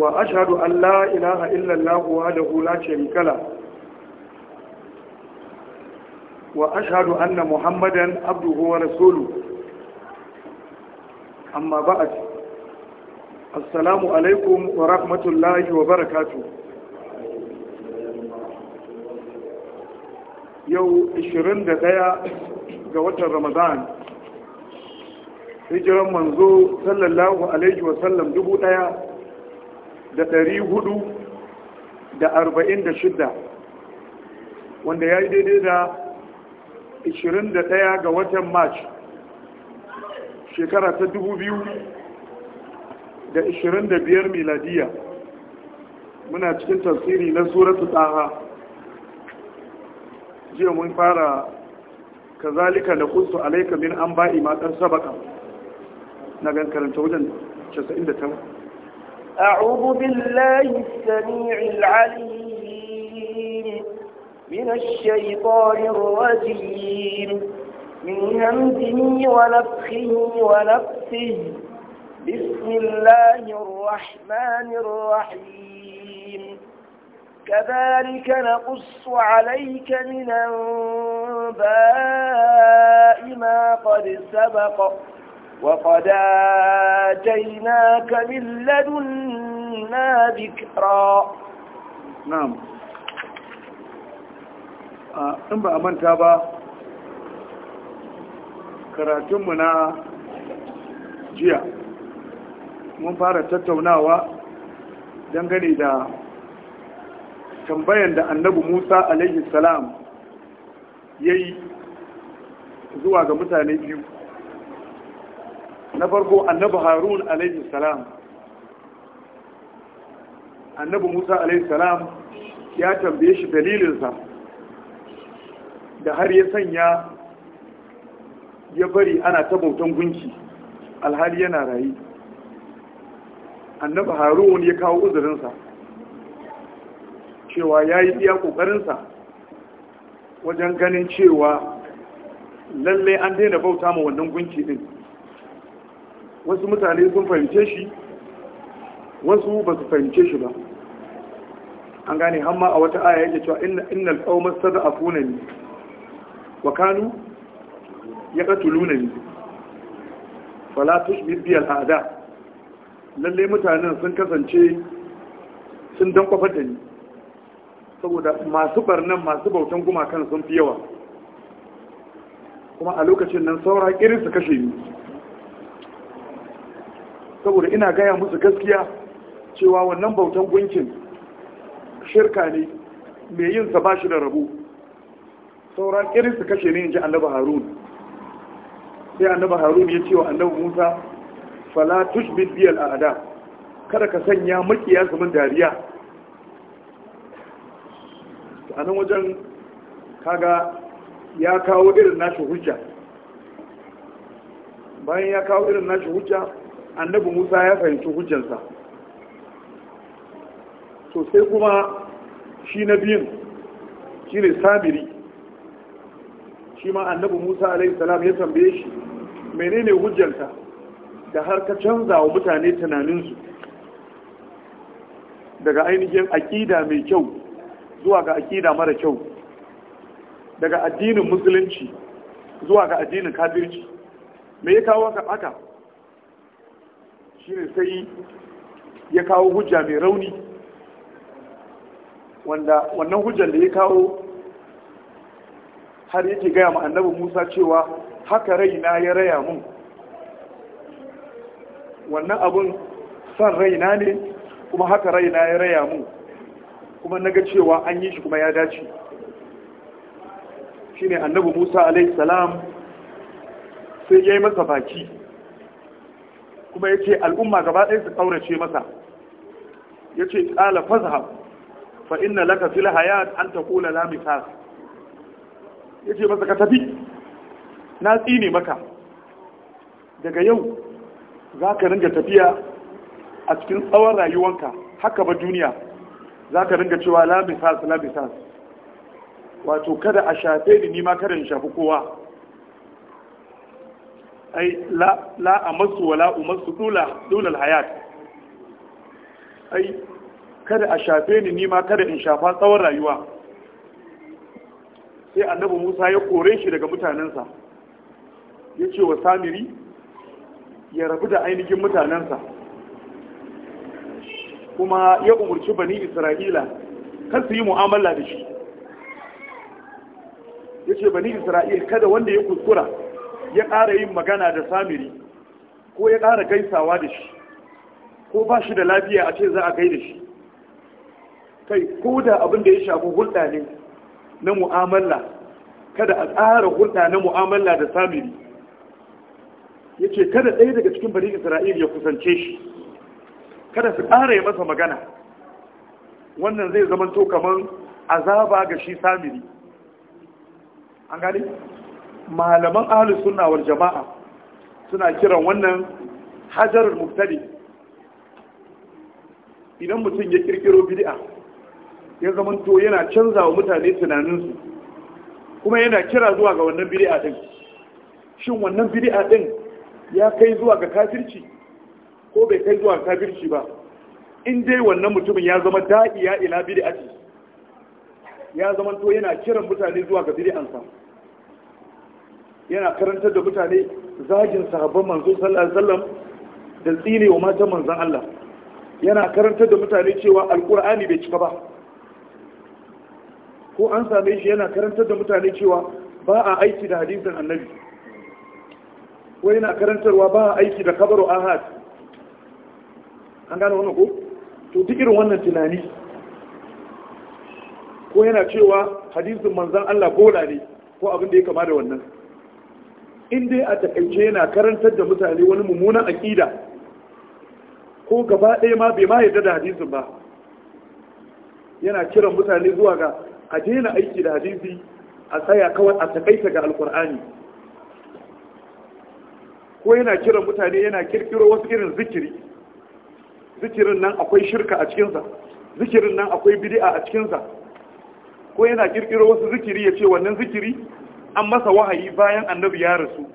wa ashadu an la ilaha illallahu wa da hula ce mikala wa ashadu an na muhammadan abduhu amma ba a ce assalamu alaikum wa rahmatullahi wa barakatu yau 21 ga watan ramadan hijiran manzo sallallahu alaihi ɗaya. da ɗari hudu da arba'in da shidda wanda ya yi daidai da 21 ga watan march shekara ta 2025 miladiya muna cikin tafsiri na suratu tsaha jiya mun fara kazalika da kusa alaikamin an ba'i matar sabaka na gan karanta wajen 99 أعوذ بالله السميع العليم من الشيطان الرجيم من همزه ونفخه ونفسه بسم الله الرحمن الرحيم كذلك نقص عليك من أنباء ما قد سبق وقد آتيناك من لدنا ذكرا نعم in ba a manta ba karatunmu na jiya mun fara tattaunawa dangane da tambayan da annabi musa alaihi salam ya yi zuwa ga mutane biyu na farko annabi harun alaihi salam annabi musa alaihi salam ya tambaye shi dalilinsa da har ya sanya ya bari ana ta bautan gunki alhali yana rayu annabi harun ya kawo uzurinsa cewa ya yi iya ƙoƙarinsa wajen ganin cewa lallai an daina bauta ma wannan gunki din wasu mutane sun fahimce shi wasu ba su fahimce shi ba an gane hamma a wata aya yake cewa innal qauma sadafuna ni wa kanu yaqtuluna ni fala tushbih bi al'ada lalle mutanen sun kasance sun dan kwafar da ni saboda masu barnan masu bautan gumakan sun fi yawa kuma a lokacin nan saura irin su kashe ni saboda ina gaya musu gaskiya cewa wannan bautan gunkin shirka ne mai yin sa ba shi da rabu sauran irin su kashe ne in ji annaba harun sai annaba harun ya ce wa annaba musa fala tushbit biyal a'ada kada ka sanya makiya su min dariya a nan wajen kaga ya kawo irin nashi hujja bayan ya kawo irin nashi hujja annabi musa ya fahimci hujjansa to kuma shi na biyun shi ne samiri shi ma annabi musa alaihissalam ya tambaye shi menene hujjanta da har ka canza wa mutane tunaninsu daga ainihin aƙida mai kyau zuwa ga aƙida mara kyau daga addinin musulunci zuwa ga addinin kafirci me ya kawo aka shine sai ya kawo hujja mai rauni wanda wannan hujjar da ya kawo har yake gaya ma annabi Musa cewa haka raina ya raya mun wannan abun san raina ne kuma haka raina ya raya mun kuma naga cewa an yi shi kuma ya dace shine annabi Musa alaihi salam sai ya yi masa baki kuma ya ce al'umma gaba ɗaya su ƙaurace masa ya ce ƙala fazhab fa inna laka fil hayat an ta la lamisa ya ce masa ka tafi na tsine maka daga yau za ka ringa tafiya a cikin tsawon rayuwanka haka ba duniya za ka ringa cewa lamisa misas wato kada a shafe ni nima kada in shafi kowa ai la amassu wala dula dulal hayat ai kada a shafe ni nima kada in shafa tsawon rayuwa sai annabi Musa ya kore shi daga mutanensa ya ce wa samiri ya rabu da ainihin mutanensa kuma ya umarci bani isra'ila kan su yi mu'amala da shi ya ce bani isra'il kada wanda ya kuskura ya ƙara yin magana da samiri ko ya ƙara gaisawa da shi ko ba shi da lafiya a ce za a gaida shi kai ko da abin da ya shafi hulɗa ne na mu'amala kada a tsara hulɗa na mu'amala da samiri ya ce kada ɗaya daga cikin bari isra'il ya kusance shi kada su ƙara ya masa magana wannan zai zamanto kamar azaba ga shi samiri an gani malaman ahalus sunna wal jama'a suna kiran wannan hajarul mubtadi idan mutum ya kirkiro bid'a ya zama to yana canza wa mutane tunaninsu kuma yana kira zuwa ga wannan bid'a din shin wannan bid'a din ya kai zuwa ga kafirci ko bai kai zuwa ga kafirci ba in dai wannan mutumin ya zama ya ila bid'a ya zama to yana kiran mutane zuwa ga bid'ansa yana karantar da mutane zagin sahabban manzo sallallahu alaihi wasallam da tsine wa matan manzon Allah yana karantar da mutane cewa alqur'ani bai cika ba ko an same shi yana karantar da mutane cewa ba a aiki da hadisin annabi ko yana karantarwa ba a aiki da kabaru ahad an gane wannan ko to duk irin wannan tunani ko yana cewa hadisin manzon Allah bola ne ko abin da ya kama da wannan in dai a takaice yana karantar da mutane wani mummunan aƙida ko gaba ɗaya ma bai ma yarda da hadisin ba yana kiran mutane zuwa ga a daina aiki da hadisi a tsaya kawai a takaita ga alkur'ani ko yana kiran mutane yana kirkiro wasu irin zikiri zikirin nan akwai shirka a cikinsa zikirin nan akwai bid'a a cikinsa ko yana kirkiro wasu zikiri ya ce wannan zikiri an masa wahayi bayan annabi ya rasu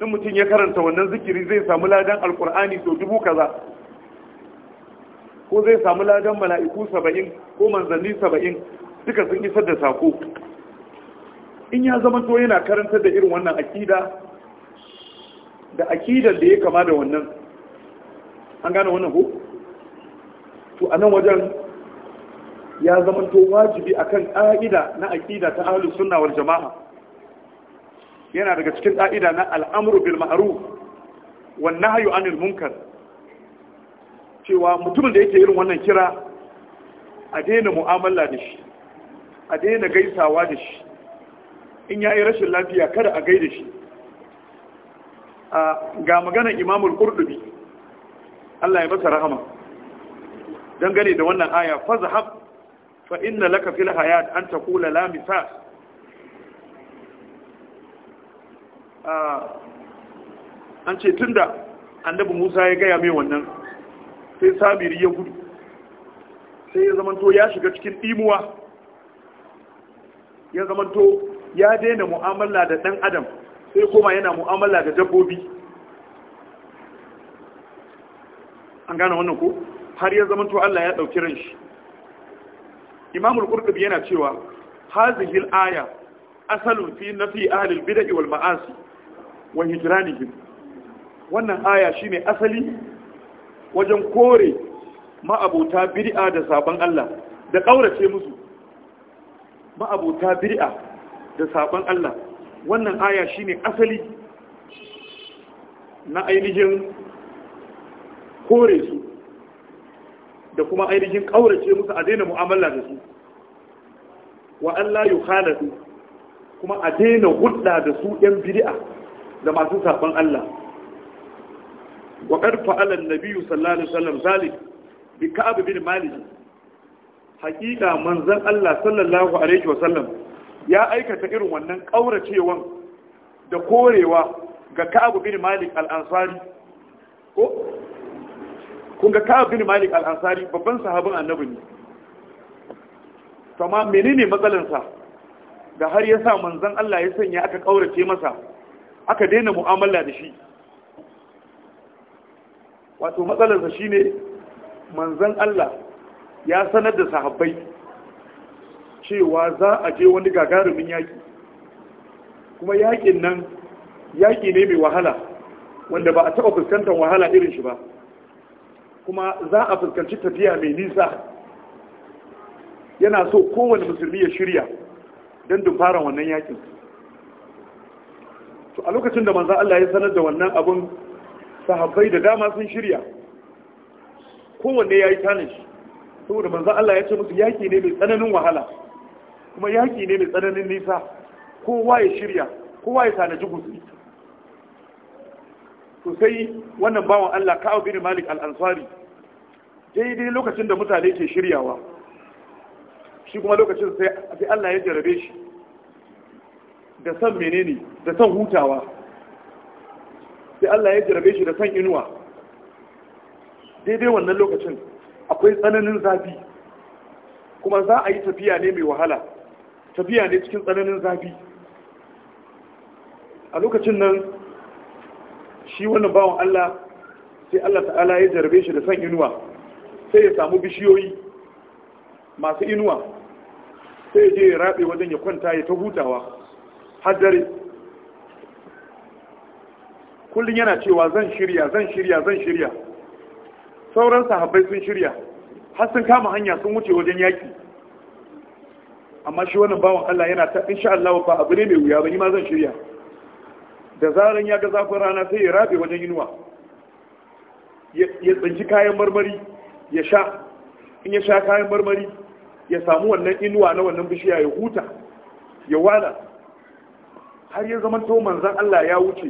in mutum ya karanta wannan zikiri zai samu ladan alkur'ani so dubu kaza ko zai samu ladan mala'iku saba'in ko manzanni saba'in duka sun isar da sako in ya zama to yana karanta da irin wannan akida da akidar da ya kama da wannan an gane wannan ko to a nan wajen ya zama to wajibi akan ƙa'ida na akida ta ahlus sunna wal jama'a yana daga cikin ɗa'ida na al'amuru bil ma'ruf wan nahyu anil munkar cewa mutumin da yake irin wannan kira a daina mu'amala da shi a daina gaisawa da shi in ya yi rashin lafiya kada a gaida shi ga maganar imamul kurdubi Allah ya masa rahama dangane da wannan aya zahab fa inna laka fil hayat an taqula la misas an ce tun da annabi musa ya gaya mai wannan sai sabiri ya gudu sai ya zamanto ya shiga cikin dimuwa ya zamanto ya daina mu'amala da ɗan adam sai kuma yana mu'amala da dabbobi an gane wannan ko har ya zamanto Allah ya ɗauki ran shi imamul qurtubi yana cewa hazihil aya asalun fi nafi ahli al-bid'ah wal ma'asi wa hijranihim wannan aya shine asali wajen kore ma'abota bid'a da sabon Allah da kaurace musu ma'abota bid'a da sabon Allah wannan aya shine asali na ainihin kore su da kuma ainihin kaurace musu a daina mu'amala da su wa Allah yukhalatu kuma a daina hudda da su ɗan bid'a da masu saban Allah wa qad fa'ala an-nabiyyu sallallahu alaihi wasallam zalik bi ka'ab bin malik hakika manzon Allah sallallahu alaihi wasallam ya aikata irin wannan ƙauracewan da korewa ga ka'ab bin malik al-ansari ko kun ga ka'ab bin malik al-ansari babban sahabin annabi ne kuma menene matsalansa da har ya sa manzan Allah ya sanya aka ƙaurace masa aka daina mu'amala da shi wato matsalarsa ne manzan Allah ya sanar da sahabbai cewa za a je wani gagarumin yaƙi kuma yaƙin nan yaƙi ne mai wahala wanda ba a taɓa fuskantar wahala irin shi ba kuma za a fuskanci tafiya mai nisa yana so kowane musulmi ya shirya don dumfara wannan yakin to a lokacin da manzan Allah ya sanar da wannan abin sahabbai da dama sun shirya kowanne ya yi tanin shi saboda manzan Allah ya ce musu yaƙi ne mai tsananin wahala kuma yaki ne mai tsananin nisa kowa ya shirya kowa ya tanaji guzuri to sai wannan bawan Allah ka bin Malik alansari daidai lokacin da mutane ke shiryawa shi kuma lokacin sai Allah ya jarabe shi da san menene da san hutawa sai Allah ya jarabe shi da san inuwa daidai wannan lokacin akwai tsananin zafi kuma za a yi tafiya ne mai wahala tafiya ne cikin tsananin zafi a lokacin nan shi wannan bawan Allah sai Allah ta'ala ya jarabe shi da san inuwa sai ya samu bishiyoyi masu inuwa sai je ya rabe wajen ya kwanta ya ta hutawa har kullum yana cewa zan shirya zan shirya zan shirya sauran sahabbai sun shirya har sun kama hanya sun wuce wajen yaki amma shi wannan bawan Allah yana ta insha Allah ba abu ne mai wuya ba ni ma zan shirya da zaran ya ga zafin rana sai ya rabe wajen inuwa ya tsinci kayan marmari ya sha in ya sha kayan marmari ya samu wannan inuwa na wannan bishiya ya huta ya wala har ya zama to manzan Allah ya wuce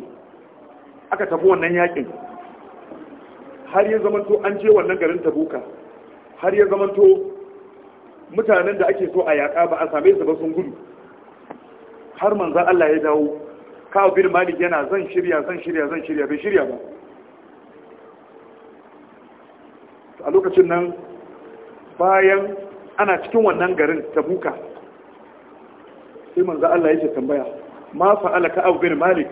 aka tafi wannan yakin har ya zama to an je wannan garin tabuka har ya zama to mutanen da ake so a yaƙa ba a same su ba sun gudu har manzan Allah ya dawo kawo bin malik yana zan shirya zan shirya zan shirya bai shirya ba a lokacin nan bayan ana cikin wannan garin tabuka sai manzan Allah ya ce tambaya ma fa'ala ka'ab bin malik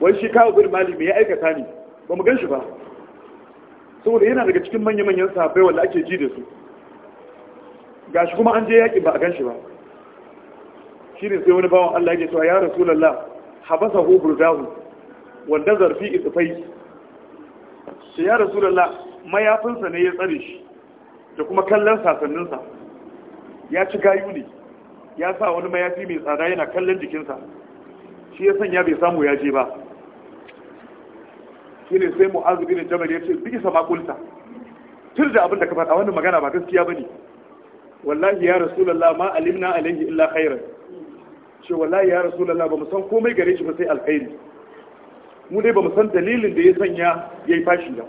wai shi ka bin malik me ya aikata ne ba mu gan shi ba saboda yana daga cikin manya-manyan safai wanda ake ji da su Ga shi kuma an je yaƙi ba a gan shi ba shi ne sai wani bawan Allah yake cewa ya lalla habasa hu burdahu wanda zarfi isfai shi ya lalla mayafinsa ne ya tsare shi da kuma kallon sasanninsa ya ci gayu ne ya sa wani mayafi mai tsada yana kallon jikinsa shi ya sanya bai samu ya je ba shi ne sai mu'azu bin ya ce bisa makulta tur da abin da ka fata wannan magana ba gaskiya ba ne. wallahi ya rasulullah ma alimna alaihi illa khairan ce wallahi ya rasulullah ba mu san komai gare shi ba sai alkhairi mu dai ba mu san dalilin da ya sanya ya yi fashi ba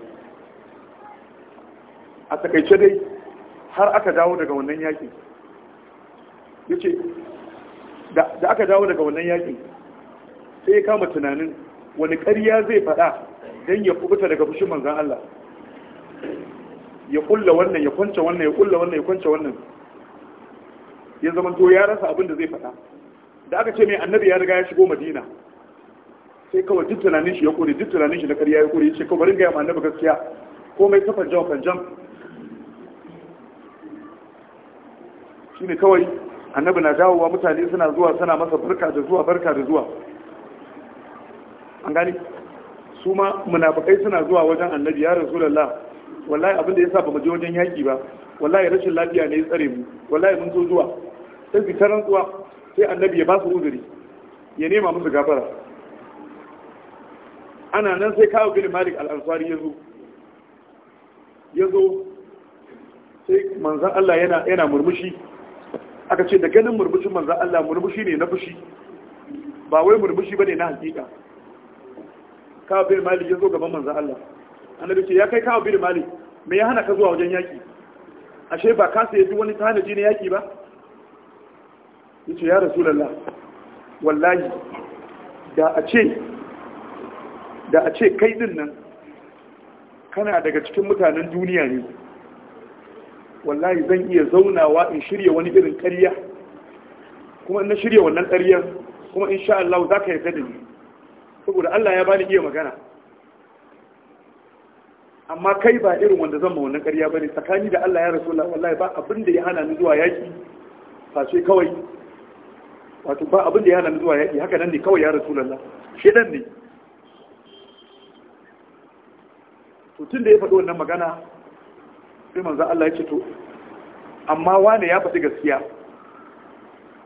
a takaice dai har aka dawo daga wannan yakin yace da aka dawo daga wannan yakin sai ya kama tunanin wani ƙarya zai faɗa don ya kubuta daga fushin manzan Allah ya kulla wannan ya kwance wannan ya kulla wannan ya kwance wannan ya zama to ya rasa abin da zai faɗa da aka ce mai annabi ya riga ya shigo madina sai kawai duk tunanin shi ya kore duk tunanin shi na ƙarya ya kore ya ce kawai ringa ya annabi gaskiya komai ta fanjan fanjan shine kawai annabi na dawowa mutane suna zuwa suna masa barka da zuwa barka da zuwa an gani su ma munafikai suna zuwa wajen annabi ya lalla wallahi abin da sa ba mu je wajen yaƙi ba wallahi rashin lafiya ne ya tsare mu wallahi mun zo zuwa sai fitaran zuwa sai annabi ya ba su uzuri ya nema musu gafara ana nan sai kawo bin malik al'ansari ya zo ya zo sai manzan Allah yana murmushi aka ce da ganin murmushin manzan Allah murmushi ne na fushi ba wai murmushi ba ne na hakika kawo bin mali ya zo gaban manzan Allah annabi ce ya kai kawo bin mali me ya hana ka zuwa wajen yaki ashe ba ka sai duk wani tanaji na yaki ba yace ya rasulullah wallahi da a ce da a ce kai din nan kana daga cikin mutanen duniya ne wallahi zan iya zaunawa in shirya wani irin ƙarya kuma in na shirya wannan ƙaryar kuma in sha Allah za ka yarda da ni saboda Allah ya bani iya magana amma kai ba irin wanda zan ma wannan ƙarya bane tsakani da Allah ya rasulullah wallahi ba abin da ya hana ni zuwa yaki face kawai wato ba abin da ya hana ni zuwa yaki haka nan ne kawai ya rasulullah dan ne to tun da ya faɗi wannan magana sai manzan Allah ya ce to amma wane ya faɗi gaskiya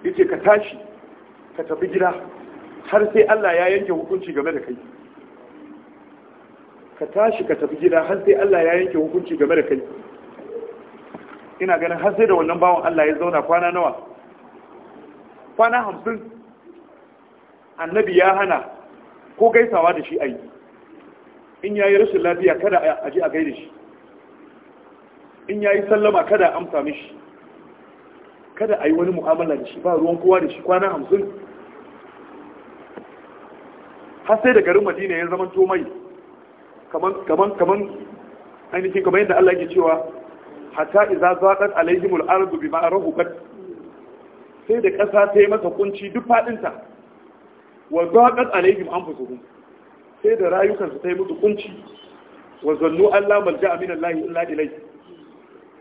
ya ce ka tashi ka tafi gida har sai Allah ya yanke hukunci game da kai ka tashi ka tafi gida har sai Allah ya yanke hukunci game da kai ina ganin har sai da wannan bawan Allah ya zauna kwana nawa kwana hamsin annabi ya hana ko gaisawa da shi a yi in ya yi rashin lafiya kada a ji a gaida shi in ya yi sallama kada amsa mishi kada a yi wani mu'amala da shi ba ruwan kowa da shi kwana hamsin har sai da garin madina ya zama to mai kaman kaman ainihin kamar yadda Allah ke cewa hatta idza zaqat alaihim al-ardu bima rahubat sai da ƙasa ta yi masa kunci duk fadinta wa zaqat alaihim anfusuhum sai da rayukansu ta yi musu kunci wa zannu Allah malja'a min allahi illa ilayhi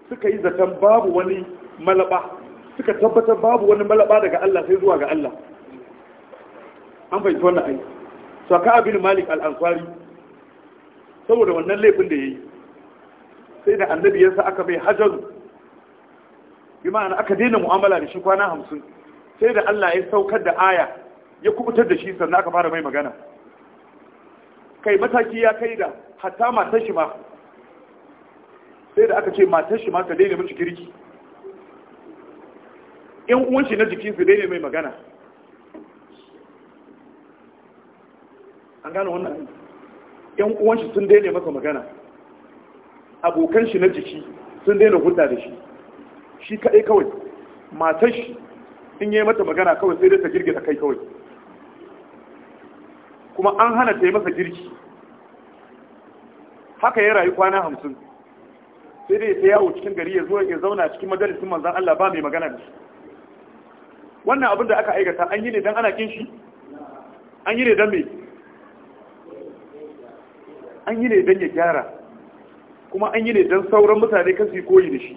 suka yi zaton babu wani malaba suka tabbatar babu wani malaba daga Allah sai zuwa ga Allah an bai tona ai saka abin malik al-ansari saboda wannan laifin da yayi sai da annabi yansa aka bai hajaru bi ma'ana aka daina mu'amala da shi kwana hamsin, sai da Allah ya saukar da aya ya kubutar da shi sannan aka fara mai magana kai mataki ya kai da hatta ta shi ma sai da aka ce matar shi ma ta daina mace kirki yan uwan shi na jikin su daina mai magana an gano wannan yan uwan shi sun daina masa magana abokan shi na jiki sun daina hudda da shi shi kaɗai kawai matar shi in yi mata magana kawai sai dai ta girgiza kai kawai kuma an hana ta yi masa girki haka ya rayu kwana hamsin sai dai ta yawo cikin gari ya zo ya zauna cikin majalisun manzan Allah ba mai magana da shi wannan abin da aka aikata an yi ne don ana kin shi an yi ne don mai an yi ne don ya gyara kuma an yi ne don sauran mutane kan su koyi da shi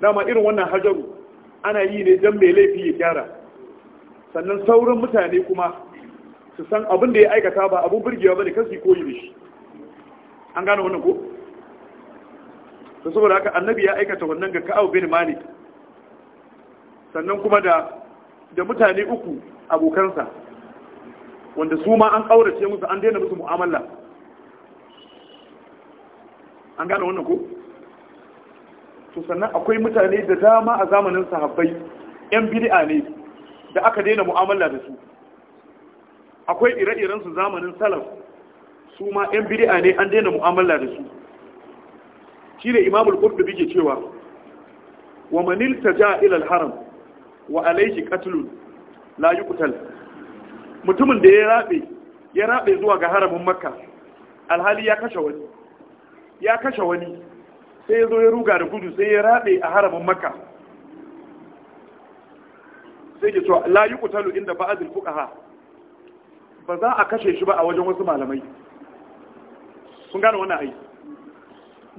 dama irin wannan hajaru ana yi ne don mai laifi ya gyara sannan sauran mutane kuma su san abin da ya aikata ba abin birgewa ba ne kan su koyi da shi an gane wannan ko? to saboda haka annabi ya aikata wannan ga ka'au bin malik sannan kuma da da mutane uku abokansa wanda su ma an ƙaurace musu an daina musu mu'amala an gane wannan ko to sannan akwai mutane da dama a zamanin sahabbai yan bid'a ne da aka daina mu'amala da su akwai ire-iren su zamanin salaf su ma yan bid'a ne an daina mu'amala da su shine imamul qurtubi ke cewa wa manil iltaja ila al-haram wa alayhi qatlun la yuqtal mutumin da ya rabe ya rabe zuwa ga haramin makka alhali ya kashe wani ya kashe wani sai ya zo ya ruga da gudu sai ya rabe a haramin makka sai ya cewa la kutalu, inda ba'd al-fuqaha ba za a kashe shi ba a wajen wasu malamai sun gane wannan aiki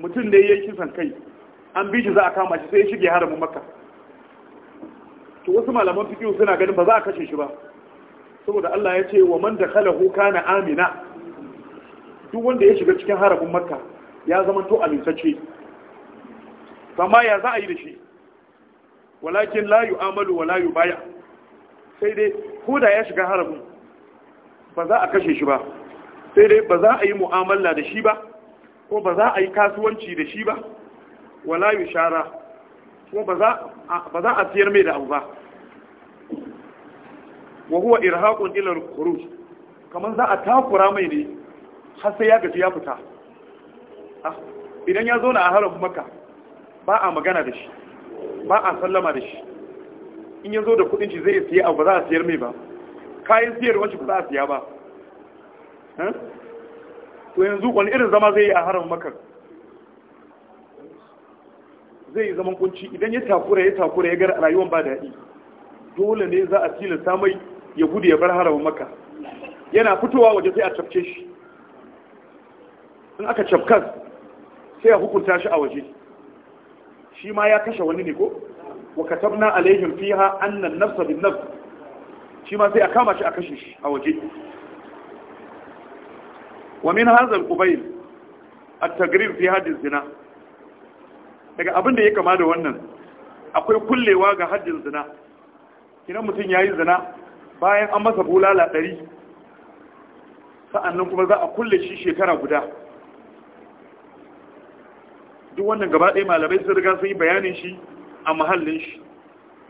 mutum ne ya kisan kai an bi shi za a kama shi sai ya shige haramin makka to wasu malaman fiqh suna ganin ba za a kashe shi ba saboda Allah ya ce wa man dakhalahu kana amina duk wanda ya shiga cikin haramin makka ya zama to amintacce amma ya za a yi da shi walakin la yu'amalu wa la yubaya sai dai ko da ya shiga haramin ba za a kashe shi ba sai dai ba za a yi mu'amala da shi ba ko ba za a yi kasuwanci da shi ba wala Shara. kuma ba za a siyar mai da abu ba wa huwa irhaqun ila al za a takura mai ne har sai ya gaji ya fita ah, idan ya zauna a harin maka ba a magana da shi ba a sallama da shi in ya zo da kudin shi zai siya abu ba za a siyar mai ba kayan siyar wacce ba za a siya ba eh? to yanzu wani irin zama zai yi a haram makar zai yi zaman kunci idan ya takura ya takura ya gara rayuwar ba daɗi dole ne za a tilasta samai ya gudu ya bar haram maka yana fitowa waje sai a cafke shi in aka cafkan sai a hukunta shi a waje shi ma ya kashe wani ne ko wa katabna alaihim fiha annan nafsa bin nafs shi ma sai a kama shi a kashe shi a waje wa min hadha al-qubayl at-tagrir fi zina daga abin da ya kama da wannan akwai kullewa ga haddin zina idan mutum ya yi zina bayan an masa bulala ɗari sa'annan kuma za a kulle shi shekara guda duk wannan gaba ɗaya malamai sun riga sun yi bayanin shi a mahallin shi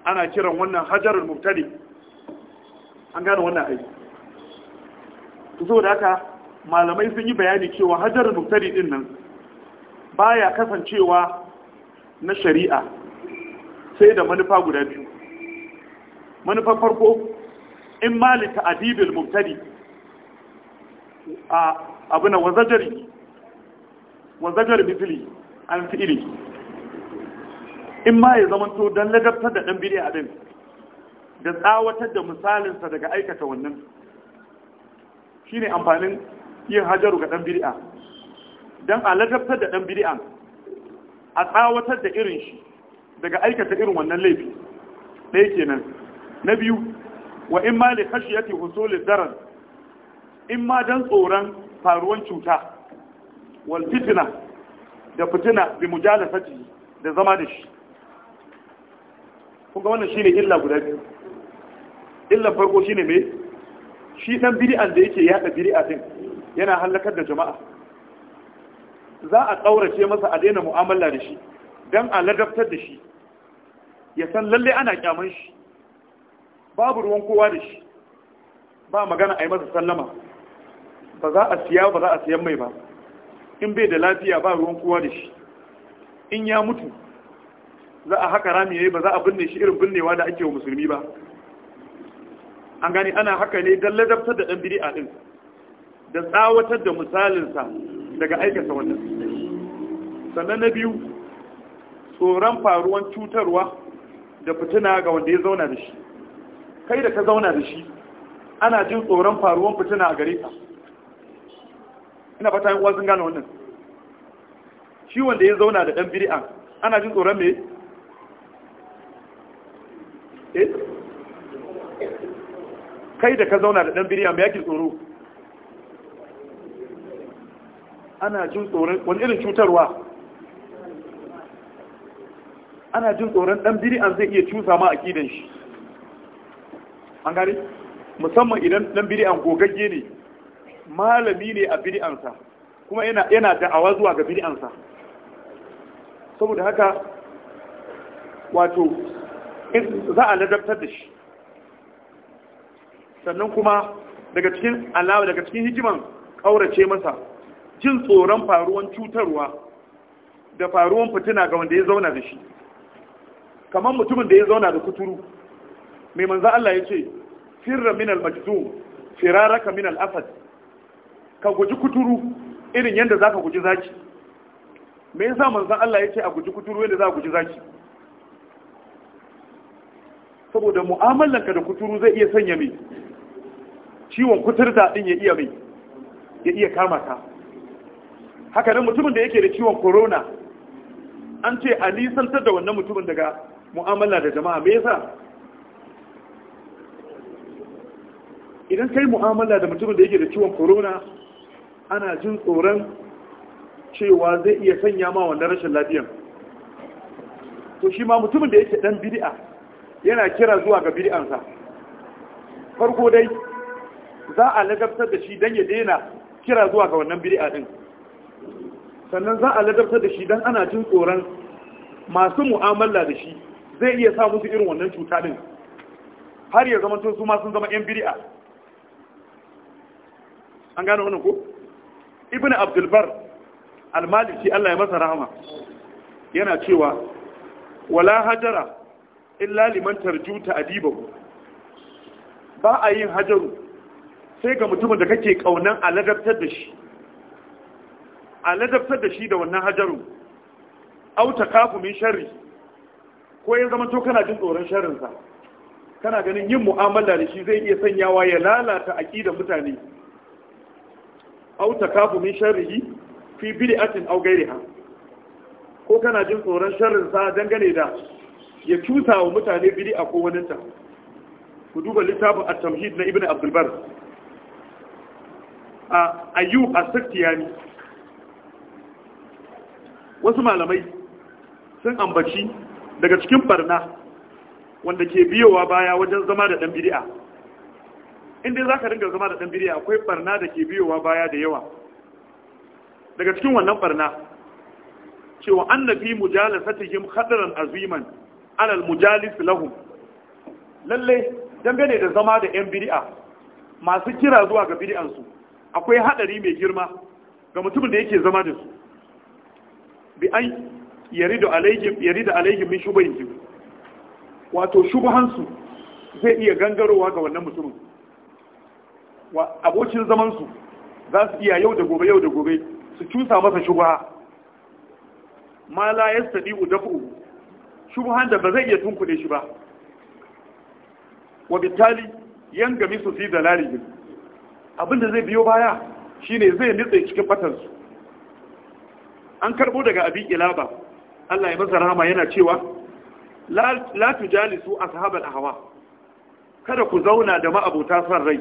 ana kiran wannan hajarar muktadi an gane wannan aiki zo saboda haka malamai sun yi bayani cewa hajar muktari din nan baya kasancewa na shari'a sai da manufa guda biyu manufar farko in mali ta'adibil muktari a abuna wazajari wazajari bifili an fi'ili in ma ya zamanto don ladabtar da ɗan a din da tsawatar da misalinsa daga aikata wannan shine ne amfanin yin hajaru ga ɗan bid'a don a ladabtar da ɗan bid'an a tsawatar da irin shi daga aikata irin wannan laifi ɗaya kenan na biyu wa in ma li khashiyati husuli darar in ma dan tsoron faruwan cuta wal fitna da fitina bi sati da zama da shi kuma wannan shine illa guda biyu illa farko shine me shi dan bid'an da yake yada bid'a din yana halakar da jama'a za a ƙaurace masa a daina mu'amala da shi don a ladabtar da shi ya san lalle ana kyaman shi babu ruwan kowa da shi ba magana a yi masa sallama ba za a siya ba za a siyan mai ba in bai da lafiya ba ruwan kowa da shi in ya mutu za a haka rami ya ba za a binne shi irin binnewa da ake wa musulmi ba an gani ana haka ne don ladabtar da ɗan biri a ɗin da tsawatar da misalinsa daga aikata wannan sannan na biyu tsoron faruwan cutarwa da fitina ga wanda ya zauna da shi kai da ka zauna da shi ana jin tsoron faruwan fitina a gare ka ina fata yin uwa gane wannan shi wanda ya zauna da ɗan biri'a ana jin tsoron me eh? kai da ka zauna da ɗan biri'a me yake tsoro ana jin tsoron wani irin cutarwa ana jin tsoron dan bid'an zai iya cusa ma akidan shi an gari musamman idan dan bid'an gogagge ne malami ne a bid'ansa kuma yana yana da'awa zuwa ga bid'ansa saboda haka wato za a ladabtar da shi sannan kuma daga cikin alawa daga cikin hikiman ƙaurace masa jin tsoron faruwan cutarwa da faruwan fitina ga wanda ya zauna da shi kamar mutumin da ya zauna da kuturu mai manza Allah ya ce firra min al-majzum firaraka min al-asad ka guji kuturu irin yanda zaka guji zaki me yasa manzo Allah ya ce a guji kuturu yanda za ka guji zaki saboda ka da kuturu zai iya sanya mai ciwon kuturta din ya iya mai ya iya kama ka haka nan mutumin da yake da ciwon corona an ce a nisantar da wannan mutumin daga mu'amala da jama'a me yasa idan kai mu'amala da mutumin da yake da ciwon corona ana jin tsoron cewa zai iya sanya ma wanda rashin lafiyan to shi ma mutumin da yake dan bid'a yana kira zuwa ga bid'ansa farko dai za a lagabtar da shi dan ya daina kira zuwa ga wannan bid'a din sannan za a ladabtar da shi don ana jin tsoron masu mu'amala da shi zai iya sa musu irin wannan cuta din har ya zama su masu zama yan biri'a. an gano wani ko Ibn Abdulbar, al-maliki Allah ya masa rahama yana cewa wala hajara illa liman a adibahu ba a yin hajaru sai ga mutumin da kake kaunan ladabtar da shi a ladabtar da shi da wannan hajaru au kafu min sharri ko ya zama to kana jin tsoron sharrinsa kana ganin yin mu'amala da shi zai iya sanyawa ya lalata aqidar mutane au kafu min sharri fi bid'atin aw ghayriha ko kana jin tsoron sharrinsa dangane da ya cusa wa mutane bid'a ko ta? ku duba littafin at-tamhid na ibnu abdul bar a ayyub as-saktiyani wasu malamai sun ambaci daga cikin barna wanda ke biyowa baya wajen zama da ɗan bidi'a inda za ka ringa zama da ɗan bidi'a akwai barna da ke biyowa baya da yawa daga cikin wannan barna cewa an nafi mujalasatihim khadaran aziman alal mujalis lahum lalle dangane da zama da yan biri'a masu kira zuwa ga biri'ansu akwai hadari mai girma ga mutumin da yake zama da su bi an yaridu alaihim yaridu alaihim min wato shubahansu zai iya gangarowa ga wannan mutumin wa abocin zaman su za su iya yau da gobe yau da gobe su cusa masa shubaha ma la u dafu shubahan da ba zai iya tunkuɗe shi ba wa bitali yangami su fi Abin abinda zai biyo baya shine zai nitse cikin batansu an karbo daga abin ilaba Allah ya masa rahama yana cewa la tujalisu ashabal ahwa kada ku zauna da ma'abota san rai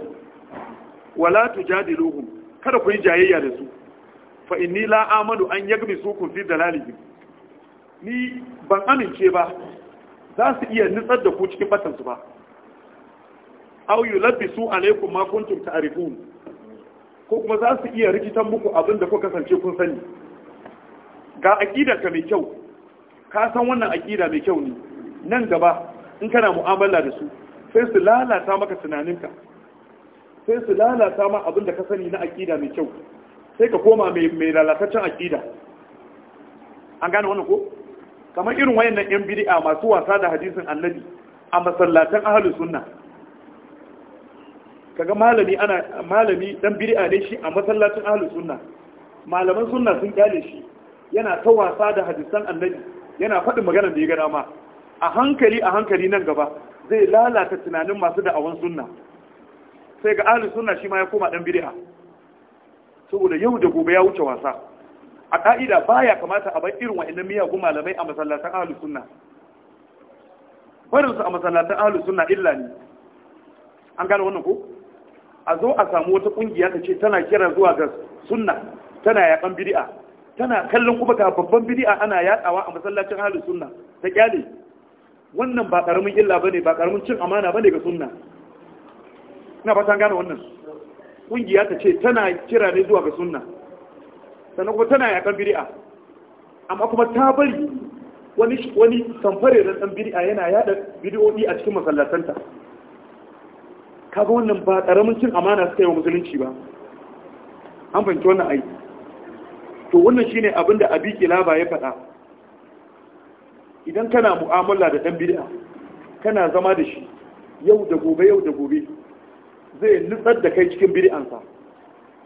Wa wala tujadiluhum kada ku yi jayayya da su fa inni la amadu an su kun fi dalalihim ni ban amince ba za su iya nitsar da ku cikin batan su ba aw yulabisu alaikum ma kuntum ta'rifun ko kuma za su iya rikitan muku abinda da kuka kasance kun sani ga ka mai kyau ka san wannan aƙida mai kyau ne nan gaba in kana mu'amala da su sai su lalata maka tunaninka sai su lalata ma abin da ka sani na aƙida mai kyau sai ka koma mai lalataccen aƙida an gane wannan ko kamar irin wayannan yan bid'a masu wasa da hadisin annabi a masallatan ahlus sunna kaga malami ana malami dan bid'a ne shi a masallacin ahlus sunna malaman sunna sun kyale shi yana ta wasa da hadisan annabi yana faɗin magana da ya gada ma a hankali a hankali nan gaba zai lalata tunanin masu da'awan sunna sai ga ahli sunna shi ma ya koma dan bid'a saboda yau da gobe ya wuce wasa a ka'ida baya kamata a bar irin wa'annan miyagun malamai a masallatan ahli sunna barin a masallatan ahli sunna illa ne an gane wannan ko a zo a samu wata ƙungiya ta ce tana kira zuwa ga sunna tana yaƙan bid'a tana kallon kuma ga babban bid'a ana yadawa a masallacin halin sunna ta kyale wannan ba karamin illa bane ba karamin cin amana bane ga sunna ina fatan gane wannan kungiya ta ce tana kira ne zuwa ga sunna sannan kuma tana yakan bid'a amma kuma ta bari wani wani samfare da dan bid'a yana yada bid'o'i a cikin masallatanta kaga wannan ba karamin cin amana sai wa musulunci ba an fahimci wannan aiki to wannan ne abin da abi kilaba ya faɗa idan kana mu'amala da dan bid'a kana zama da shi yau da gobe yau da gobe zai nutsar da kai cikin bid'ansa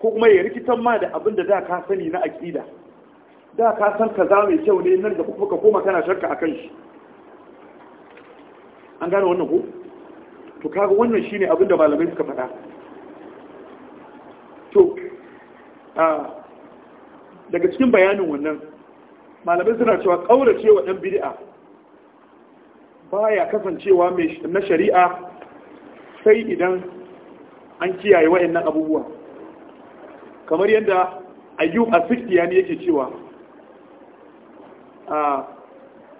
ko kuma ya rikitan ma da abin da ka sani na aƙida, da ka san ka za mai kyau ne nan da kuma ka koma kana shakka kan shi an gane wannan ko to kaga wannan ne abin da malamai suka faɗa to a ah, daga cikin bayanin wannan malamai suna cewa kaurace wa ɗan bid'a baya kasancewa na shari'a sai idan an kiyaye wa'annan abubuwa kamar yadda ayyub asfiya ne yake cewa a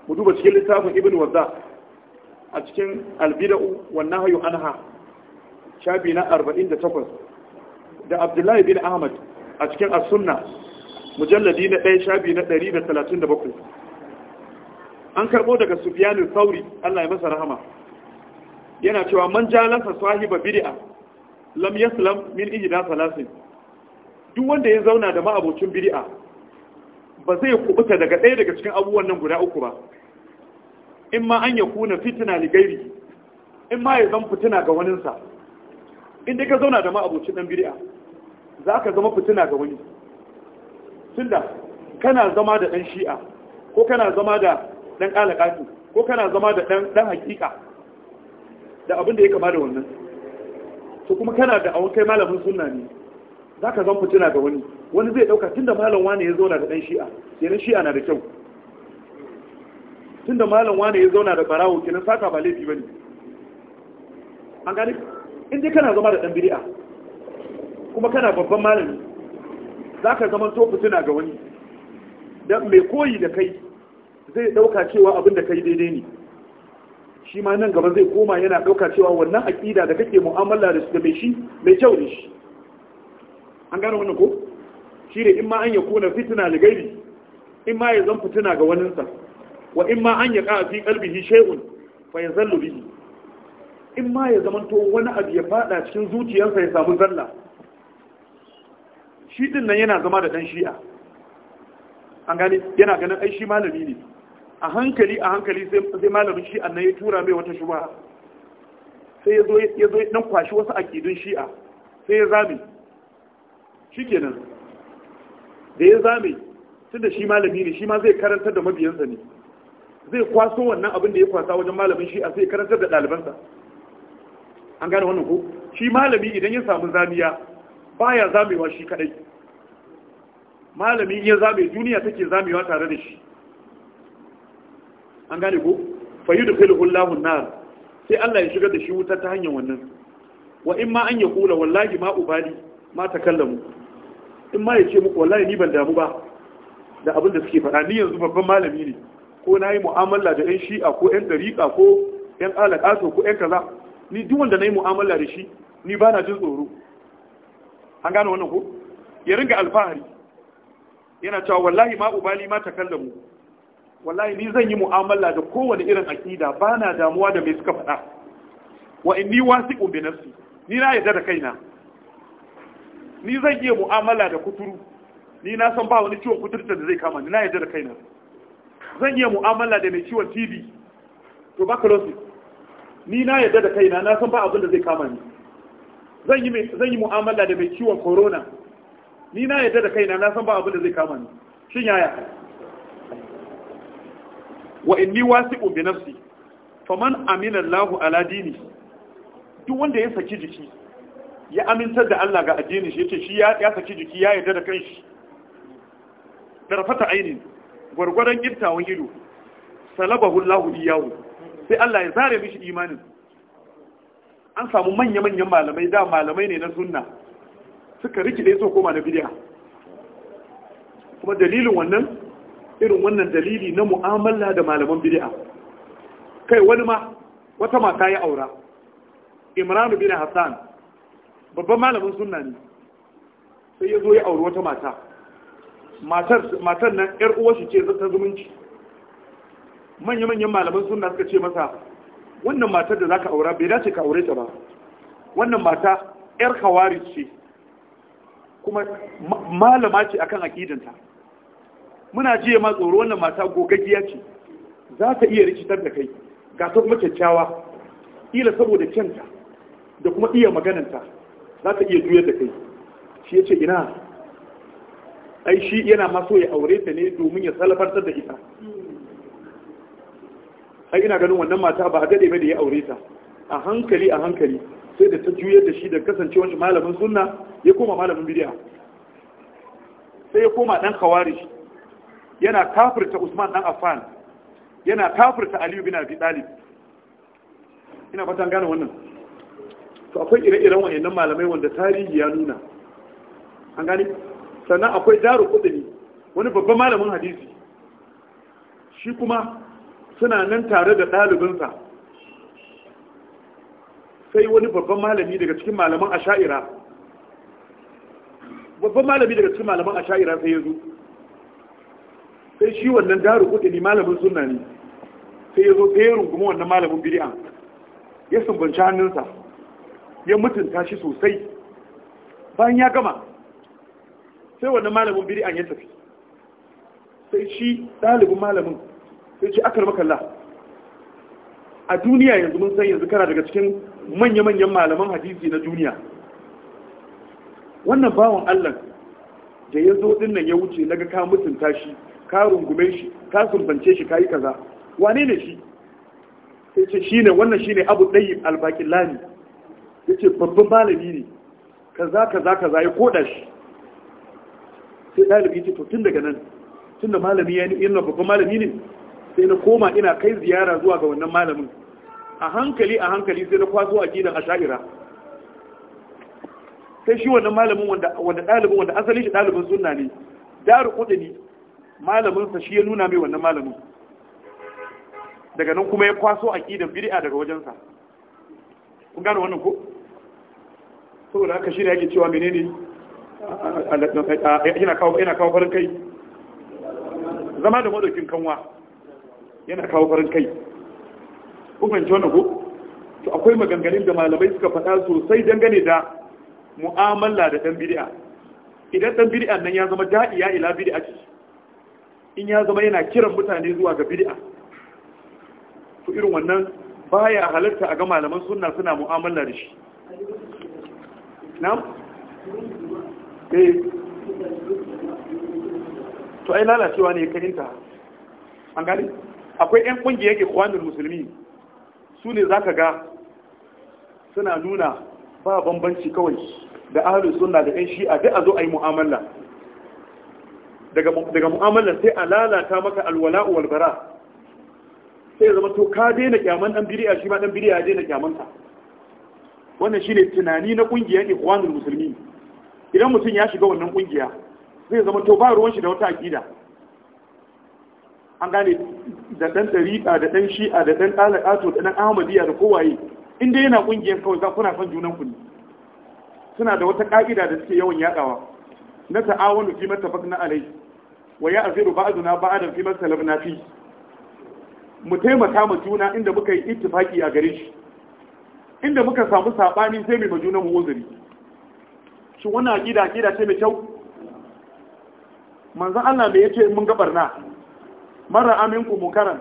mu duba cikin littafin ibn wadda a cikin albida'u wannan an ha shabi na 48 da abdullahi bin ahmad a cikin asunna mujalladi na ɗaya shabi na ɗari da talatin da bakwai an karɓo daga sufiyanin sauri allah ya masa rahama yana cewa man jalasa sahiba bid'a lam yaslam min ihda salasin duk wanda ya zauna da ma'abocin bid'a ba zai kubuta daga ɗaya daga cikin abubuwan nan guda uku ba in ma an ya kuna fitina li gairi in ma ya zama fitina ga waninsa in dai ka zauna da ma'abocin ɗan bid'a za ka zama fitina ga wani tunda kana zama da ɗan shi'a ko kana zama da ɗan ƙalaƙatu ko kana zama da ɗan hakika da abin da ya kama da wannan to kuma kana da awon kai malamin suna ne za ka zan fitina ga wani wani zai ɗauka tun da malam wane ya zauna da ɗan shi'a yanin shi'a na da kyau tun da malam wane ya zauna da barawo kinan saka ba laifi ba ne an gani in kana zama da ɗan biri'a kuma kana babban malami za ka zama to fitina ga wani don mai koyi da kai zai ɗauka cewa abin da kai daidai ne shi ma nan gaba zai koma yana ɗauka cewa wannan aƙida da kake mu'amala da su da mai shi mai kyau ne shi an gano wannan ko shi da in ma an ya kona fitina da gairi in ma ya zan fitina ga waninsa wa in ma an ya ƙa fi ƙalbihi shay'un fa ya zallu bihi in ma ya zamanto wani abu ya fada cikin zuciyarsa ya samu zalla shi din nan yana zama da dan shi'a an gani yana ganin ai shi malami ne a hankali a hankali sai malamin shi'a nan ya tura mai wata shuba sai ya zo dan kwashi wasu akidun shi'a sai ya zame shi kenan da ya zame tun da shi malami ne shi ma zai karanta da mabiyansa ne zai kwaso wannan abin da ya kwasa wajen malamin shi'a sai ya karantar da ɗalibansa an gane wannan ko shi malami idan ya samu zamiya baya zamewa shi kadai malami iya zame duniya take zamewa tare da shi an gane ko fayyudu filhul lahun nar sai Allah ya shigar da shi wuta ta hanyar wannan wa in ma an ya kula wallahi ma ubali ma takallamu in ma ya ce muku wallahi ni ban damu ba da abin da suke faɗa ni yanzu babban malami ne ko nayi mu'amala da ɗan shi'a ko 'yan dariƙa ko 'yan alaƙaso ko 'yan kaza ni duk wanda na yi mu'amala da shi ni ba na jin tsoro an gano wannan ko ya ringa alfahari yana cewa wallahi ma ubali ma takallamu wallahi ni zan yi mu'amala da kowane irin aqida bana damuwa da me suka faɗa wa inni wasiqu bi nafsi ni na yarda da kaina ni zan yi mu'amala da kuturu ni na san ba wani ciwon kuturta da zai kama ni na yarda da kaina zan yi mu'amala da mai ciwon TB tuberculosis ni na yarda da kaina na san ba abin da zai kama ni zan yi mu'amala da mai ciwon corona ni na yadda da kaina na san ba abin da zai kama ni shin yaya wa inni wasi'u, bi nafsi man amina Allahu ala dini duk wanda ya saki jiki ya amintar da Allah ga addinin shi yace shi ya saki jiki ya yarda da kanshi darfata aini gwargwadon irtawan ido salabahu Allahu iyahu sai Allah ya zare mishi imanin an samu manya-manyan malamai da malamai ne na sunna suka rikide su koma na bidiya kuma dalilin wannan irin wannan dalili na mu'amala da malaman bidiya kai wani ma wata mata ya aura imranu bin hassan babban malamin sunna ne sai ya zo ya auri wata mata matar nan 'yar uwa shi ce zata zumunci manya-manyan malaman sunna suka ce masa wannan matar da zaka aura bai dace ka aure ta ba wannan mata yar kawari ce kuma malama ce akan akidanta muna jiya ma tsoro wannan mata gogaggiya ce za ta iya rikitar da kai ga ta kuma kyakkyawa ila saboda kyanta da kuma iya magananta za ta iya juyar da kai shi ya ce ina ai shi yana maso ya aure ta ne domin ya salafartar da ita ai ina ganin wannan mata ba a gade mai da ya aure ta a hankali a hankali sai da ta juyar da shi da kasancewar shi malamin sunna ya koma malamin bid'a sai ya koma dan khawarij yana kafirta Usman dan Affan yana kafirta Ali bin Abi Talib ina fatan gane wannan to akwai ire-iren wayannan malamai wanda tarihi ya nuna an gani sannan akwai daru kudini wani babban malamin hadisi shi kuma suna nan tare da ɗalibinsa sai wani babban malami daga cikin malaman asha'ira babban malami daga cikin malaman asha'ira sai ya zo sai shi wannan daru ne malamin suna ne sai ya zo sai ya rungumi wannan malamin biri'a ya sumbanci hannunsa ya mutunta shi sosai bayan ya gama sai wannan malamin birian ya tafi sai shi ɗalibin malamin sai ce akar makalla a duniya yanzu mun san yanzu kana daga cikin manya-manyan malaman hadisi na duniya wannan bawan allah da ya zo din nan ya wuce na ga ka mutunta shi ka rungume shi ka sumbance shi ka yi kaza wane ne shi sai ce shi ne wannan shi ne abu ɗayin albakin lani ya ce babban malami ne kaza kaza kaza ya koda shi sai ɗalibi ce to tun daga nan tun da malami ya yi babban malami ne sai na koma ina kai ziyara zuwa ga wannan malamin a hankali a hankali sai na kwaso a gidan asha'ira sai shi wannan malamin wanda ɗalibin wanda asali shi ɗalibin sunna ne daru ne malaminsa shi ya nuna mai wannan malamin daga nan kuma ya kwaso a gidan bid'a daga wajensa kun gano wannan ko saboda haka shi ne yake cewa menene yana kawo farin kai zama da maɗaukin kanwa yana kawo farin kai ku fahimci ko to akwai maganganun da malamai suka faɗa sosai dangane da mu'amala da dan bid'a idan dan bid'a nan ya zama ya ila bid'a ce in ya zama yana kiran mutane zuwa ga bid'a to irin wannan baya halarta a ga malaman sunna suna mu'amala da shi eh to ai lalacewa ne kaninta an gani akwai 'yan ƙungiyar ikwanin musulmi su ne za ka ga suna nuna ba bambanci kawai da ahalin suna da 'yan shi'a dai a zo a yi mu'amala daga mu'amala sai a lalata maka alwala walbara sai zama to ka daina kyaman ɗan biriya shi ma ɗan biriya daina kyamanta wannan shi ne tunani na ƙungiyar ikwanin musulmi idan mutum ya shiga wannan ƙungiya zai zama to ba ruwan shi da wata aƙida an gane da ɗan ɗariƙa da ɗan shi'a da ɗan ɗalaƙato da ɗan ahmadiyya da kowaye inda yana ƙungiyar kawai za kuna son junan ku ne suna da wata ƙa'ida da suke yawan yaɗawa na ta'awunu fi mattafaq na alai wa ya aziru ba'duna ba'dan fi masalabna fi mu taimaka ma juna inda muka yi ittifaki a gare shi inda muka samu sabani sai mai majuna mu wuzuri shin wannan aqida aqida ce mai kyau manzon Allah me yace mun ga barna mara aminku mukaran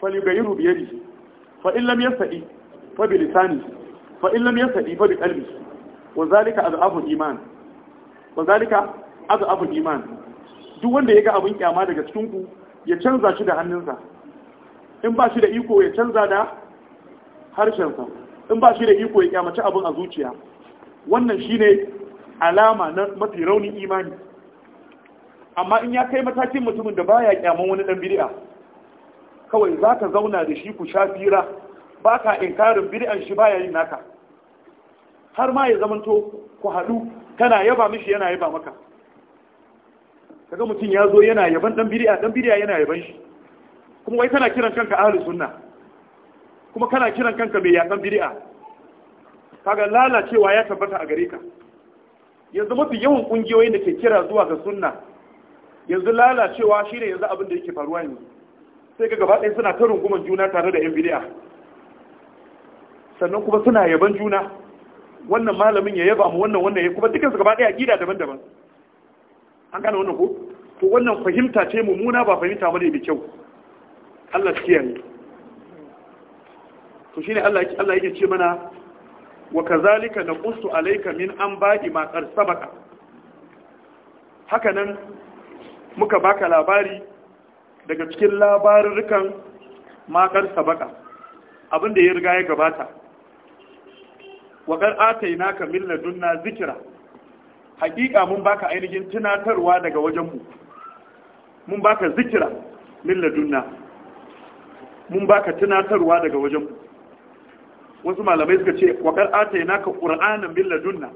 falibayiru biyari fa in lam yastadi fa bi lisani fa in lam wa zalika adhabu iman wa zalika duk wanda ya ga abin kyama daga cikinku ya canza shi da hannunsa in ba shi da iko ya canza da harshensa in ba shi da iko ya kyamaci abin a zuciya wannan shine alama na mafi raunin imani amma in ya kai matakin mutumin da baya kyaman wani dan bid'a kawai zaka zauna da shi ku sha fira baka inkarin bid'an shi baya yin naka har ma ya zamanto ku haɗu kana yaba mishi yana yaba maka kaga mutum ya zo yana yaban dan bid'a dan bid'a yana yaban shi kuma wai kana kiran kanka ahli sunna kuma kana kiran kanka mai yakan bid'a kaga lalacewa ya tabbata a gare ka yanzu mafi yawan kungiyoyin da ke kira zuwa ga sunna yanzu lalacewa shi ne yanzu abin da yake faruwa yanzu sai ga gabaɗe suna ta runguman juna tare da yan bidiya sannan kuma suna yaban juna wannan malamin ya yaba mu wannan wannan ya kuma dukansu gabaɗe a gida daban-daban an gane wannan ko to wannan fahimta ce mummuna ba fahimta ne mai kyau Allah shi kiyaye to shine Allah Allah yake ce mana wa kazalika naqussu alayka min anba'i ma qad Haka nan. muka baka labari daga cikin labarurrukan makar sabaka abinda ya riga ya gabata waƙar ataina ka dunna zikira haƙiƙa mun baka ainihin tunatarwa daga wajenmu mun baka zikira dunna mun baka tunatarwa daga wajenmu wasu malamai suka ce waƙar ataina ka milla dunna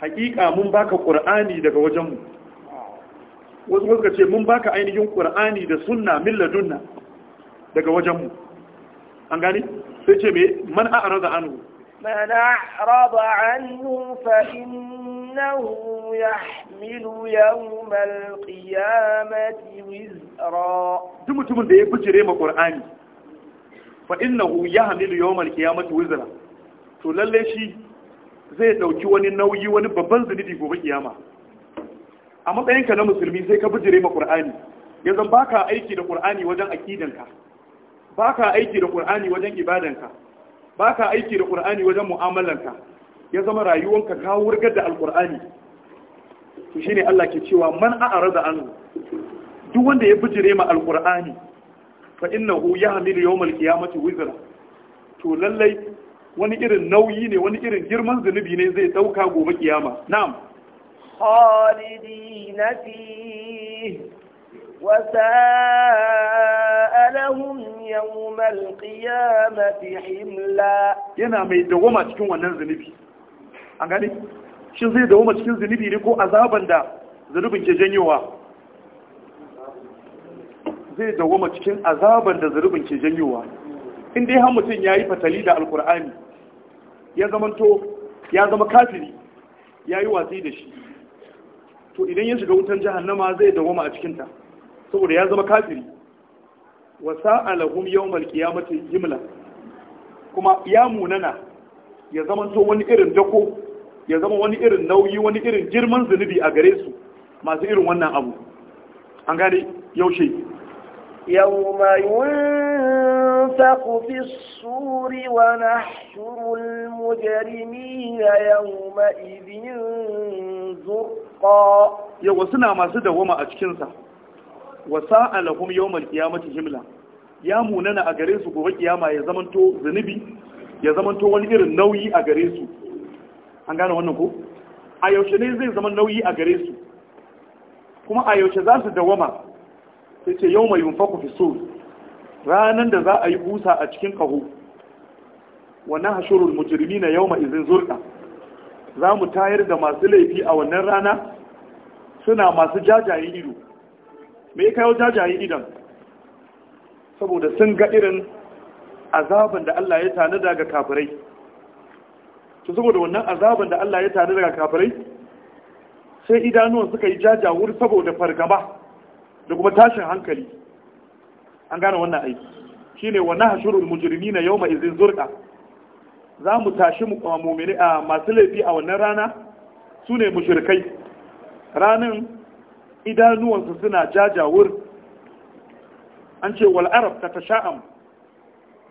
haƙiƙa mun baka ƙur'ani daga wajenmu wasu suka ce mun baka ainihin qur'ani da sunna min ladunna daga wajenmu an gani sai ce me man a'rada anhu man a'rada anhu fa innahu yahmilu yawmal qiyamati wizra duk mutumin da ya bijire ma qur'ani fa innahu yahmilu yawmal qiyamati wizra to lalle shi zai dauki wani nauyi wani babban zunubi gobe kiyama a matsayinka na musulmi sai ka bijire ma qur'ani yanzu baka aiki da qur'ani wajen akidanka baka aiki da qur'ani wajen ibadanka baka aiki da qur'ani wajen mu'amalanka ya zama rayuwanka ka wurgar da alqur'ani to shine Allah ke cewa man a'rada anhu duk wanda ya bijire ma alqur'ani fa innahu yahmil yawmal qiyamati wizra to lallai wani irin nauyi ne wani irin girman zunubi ne zai dauka gobe kiyama na'am خالدين فيه وساء لهم يوم القيامة حملا ينا مي دوما cikin wannan zunubi an gani? shin zai dawoma cikin zunubi ne ko azaban da zunubin ke janyowa zai dawoma cikin azaban da zunubin ke janyowa in dai har mutum yayi fatali da alkur'ani ya zamanto ya zama kafiri yayi watsi da shi to idan ya shiga wutan jahannama zai dawoma a cikinta saboda ya zama kafiri wa sa'alahum yawmal qiyamati jimla kuma ya munana ya zama to wani irin dako ya zama wani irin nauyi wani irin girman zunubi a gare su masu irin wannan abu an gane yaushe s-suri wa nahshuru al-mujrimina yawma idhin zurqa yawa suna masu dawama a cikin sa wa sa'alahum yawmal qiyamati himla ya munana a gare su gobe kiyama ya zamanto zunubi ya zamanto wani irin nauyi a gare su an gane wannan ko a yaushe ne zai zama nauyi a gare su kuma a yaushe za su dawama sai ce yau yunfaku fi sur Ranan da za a yi busa a cikin kaho wannan hashurul mujrimina na yau izin zurka za mu tayar da masu laifi a wannan rana suna masu jajaye ido me ya kawo jajaye idan saboda sun ga irin azaban da Allah ya tani daga kafirai to saboda wannan azaban da Allah ya tani daga kafirai sai idanuwan suka yi jajawur saboda fargaba da kuma tashin hankali an gane wannan aiki Shi ne hashirul mujirmi na yau yawma izin zurka za mu tashi mumini a masu laifi a wannan rana su ne mashirkai ranin idanuwansu suna jajawur an ce wal arab ta tasha'am